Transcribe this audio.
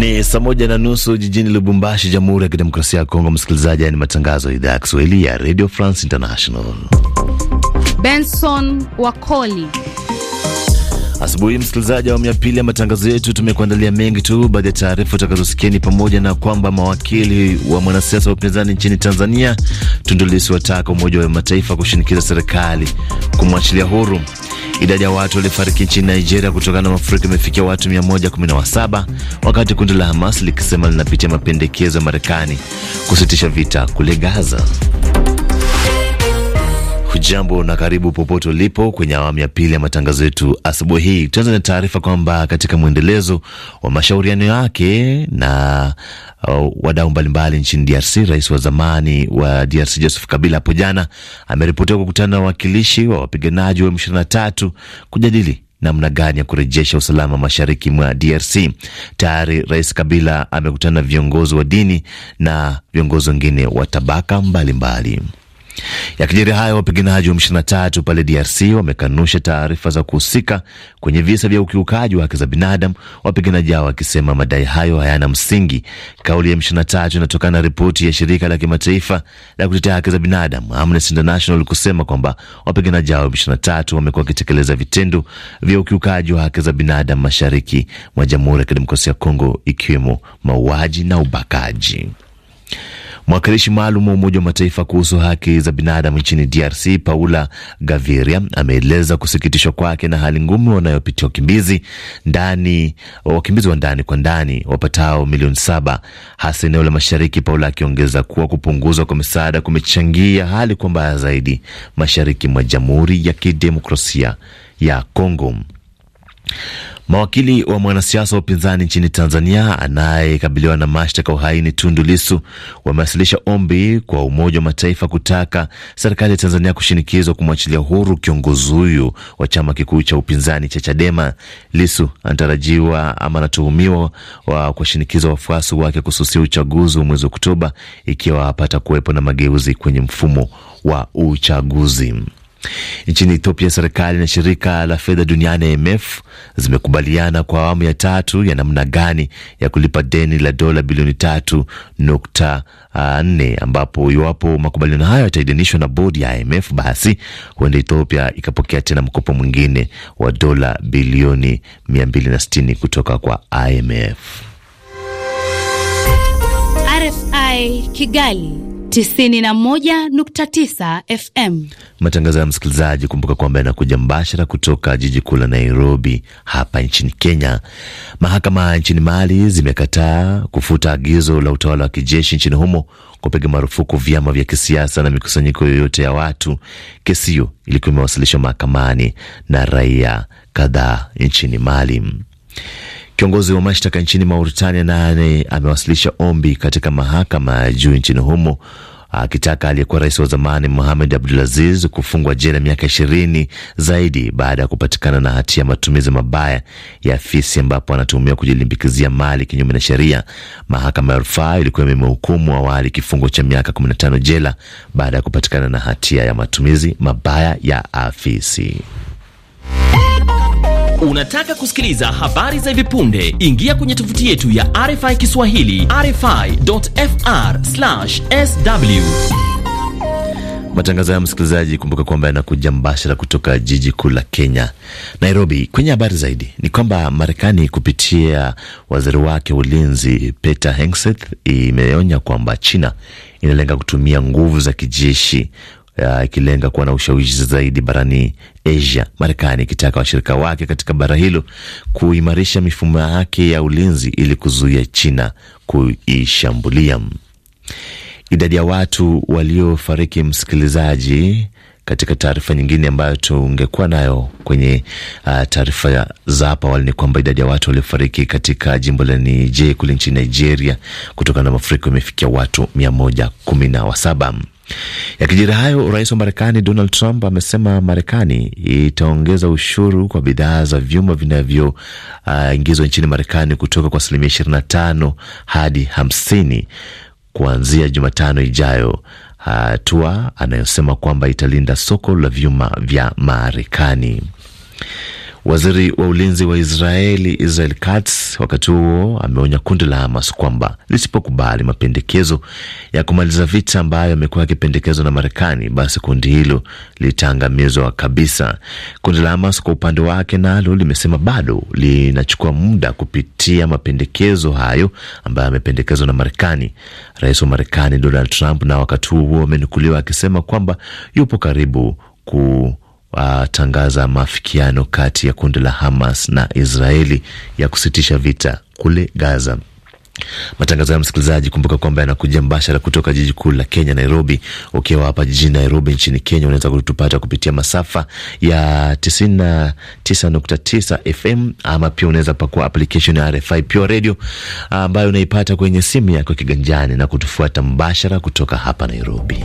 Ni saa moja na nusu jijini Lubumbashi, Jamhuri ya Kidemokrasia ya Kongo. Msikilizaji, ni matangazo ya idhaa ya Kiswahili ya Radio France International. Benson Wakoli Asubuhi msikilizaji, awamu ya pili ya matangazo yetu tumekuandalia mengi tu. Baadhi ya taarifa utakazosikia ni pamoja na kwamba mawakili wa mwanasiasa wa upinzani nchini Tanzania Tundu Lissu wataka Umoja wa Mataifa kushinikiza serikali kumwachilia huru. Idadi ya watu waliofariki nchini Nigeria kutokana na mafuriko imefikia watu 117 wakati kundi la Hamas likisema linapitia mapendekezo ya Marekani kusitisha vita kule Gaza. Hujambo na karibu popote ulipo kwenye awamu ya pili ya matangazo yetu asubuhi hii. Tuanza na taarifa kwamba katika mwendelezo wa mashauriano yake na uh, wadau mbalimbali nchini DRC, rais wa zamani wa DRC Joseph Kabila hapo jana ameripotiwa kukutana na wawakilishi wa wapiganaji wa M23 kujadili namna gani ya kurejesha usalama mashariki mwa DRC. Tayari Rais Kabila amekutana na viongozi wa dini na viongozi wengine wa tabaka mbalimbali mbali. Yakijiri hayo wapiganaji wa M23 pale DRC wamekanusha taarifa za kuhusika kwenye visa vya ukiukaji wa haki za binadamu, wapiganaji hao wakisema madai hayo hayana msingi. Kauli ya M23 inatokana na ripoti ya shirika la kimataifa la kutetea haki za binadamu Amnesty International kusema kwamba wapiganaji hao M23 wamekuwa wakitekeleza vitendo vya ukiukaji wa haki za binadamu mashariki mwa Jamhuri ya Kidemokrasia ya Kongo, ikiwemo mauaji na ubakaji. Mwakilishi maalum wa Umoja wa Mataifa kuhusu haki za binadamu nchini DRC Paula Gaviria ameeleza kusikitishwa kwake na hali ngumu wanayopitia wakimbizi ndani wakimbizi wa ndani kwa ndani wapatao milioni saba hasa eneo la mashariki. Paula akiongeza kuwa kupunguzwa kwa misaada kumechangia hali kwa mbaya zaidi mashariki mwa Jamhuri ya Kidemokrasia ya Kongo. Mawakili wa mwanasiasa wa upinzani nchini Tanzania anayekabiliwa na mashtaka uhaini Tundu Lisu wamewasilisha ombi kwa Umoja wa Mataifa kutaka serikali ya Tanzania kushinikizwa kumwachilia huru kiongozi huyu wa chama kikuu cha upinzani cha Chadema. Lisu anatarajiwa ama anatuhumiwa wa kuwashinikiza wafuasi wake kususia uchaguzi wa mwezi Oktoba ikiwa hapata kuwepo na mageuzi kwenye mfumo wa uchaguzi. Nchini Ethiopia, serikali na shirika la fedha duniani IMF zimekubaliana kwa awamu ya tatu ya namna gani ya kulipa deni la dola bilioni tatu nukta ah, nne ambapo iwapo makubaliano hayo yataidhinishwa na bodi ya IMF, basi huenda Ethiopia ikapokea tena mkopo mwingine wa dola bilioni 260 kutoka kwa IMF. RFI Kigali 91.9 FM. Matangazo ya msikilizaji, kumbuka kwamba yanakuja mbashara kutoka jiji kuu la Nairobi hapa nchini Kenya. Mahakama nchini Mali zimekataa kufuta agizo la utawala wa kijeshi nchini humo kupiga marufuku vyama vya kisiasa na mikusanyiko yoyote ya watu. Kesi hiyo ilikuwa imewasilishwa mahakamani na raia kadhaa nchini Mali. Kiongozi wa mashtaka nchini Mauritania naye amewasilisha ombi katika mahakama ya juu nchini humo akitaka aliyekuwa rais wa zamani Mohamed Abdulaziz kufungwa jela miaka ishirini zaidi baada ya kupatikana na hatia ya matumizi mabaya ya afisi ambapo anatuhumiwa kujilimbikizia mali kinyume na sheria. Mahakama ya rufaa ilikuwa imemhukumu awali kifungo cha miaka 15 jela baada ya kupatikana na hatia ya matumizi mabaya ya afisi. Unataka kusikiliza habari za hivi punde? Ingia kwenye tovuti yetu ya RFI Kiswahili, rfi.fr/sw. Matangazo ya msikilizaji, kumbuka kwamba yanakuja mbashara kutoka jiji kuu la Kenya, Nairobi. Kwenye habari zaidi ni kwamba Marekani kupitia waziri wake ulinzi Peter Hegseth imeonya kwamba China inalenga kutumia nguvu za kijeshi ikilenga uh, kuwa na ushawishi zaidi barani Asia, Marekani ikitaka washirika wake katika bara hilo kuimarisha mifumo yake ya ulinzi ili kuzuia China kuishambulia. Idadi ya watu waliofariki, msikilizaji, katika taarifa nyingine ambayo tungekuwa nayo kwenye uh, taarifa za hapa awali ni kwamba idadi ya watu waliofariki katika jimbo la Niger kule nchini Nigeria kutokana na mafuriko imefikia watu mia moja kumi na saba. Yakijiri hayo, rais wa Marekani Donald Trump amesema Marekani itaongeza ushuru kwa bidhaa za vyuma vinavyoingizwa ah, uh, nchini Marekani kutoka kwa asilimia 25 hadi 50 kuanzia Jumatano ijayo, hatua uh, anayosema kwamba italinda soko la vyuma vya Marekani. Waziri wa ulinzi wa Israeli Israel Katz wakati huo ameonya kundi la Hamas kwamba lisipokubali mapendekezo ya kumaliza vita ambayo yamekuwa yakipendekezwa na Marekani, basi kundi hilo litaangamizwa kabisa. Kundi la Hamas kwa upande wake nalo limesema bado linachukua muda kupitia mapendekezo hayo ambayo yamependekezwa na Marekani. Rais wa Marekani Donald Trump na wakati huo huo amenukuliwa akisema kwamba yupo karibu ku watangaza maafikiano kati ya kundi la Hamas na Israeli ya kusitisha vita kule Gaza. Matangazo ya msikilizaji, kumbuka kwamba yanakuja mbashara kutoka jiji kuu la Kenya, Nairobi. Ukiwa hapa jijini Nairobi nchini Kenya, unaweza kutupata kupitia masafa ya 99.9 FM ama pia unaweza pakua application ya RFI Pure Radio ambayo unaipata kwenye simu yako kiganjani na kutufuata mbashara kutoka hapa Nairobi.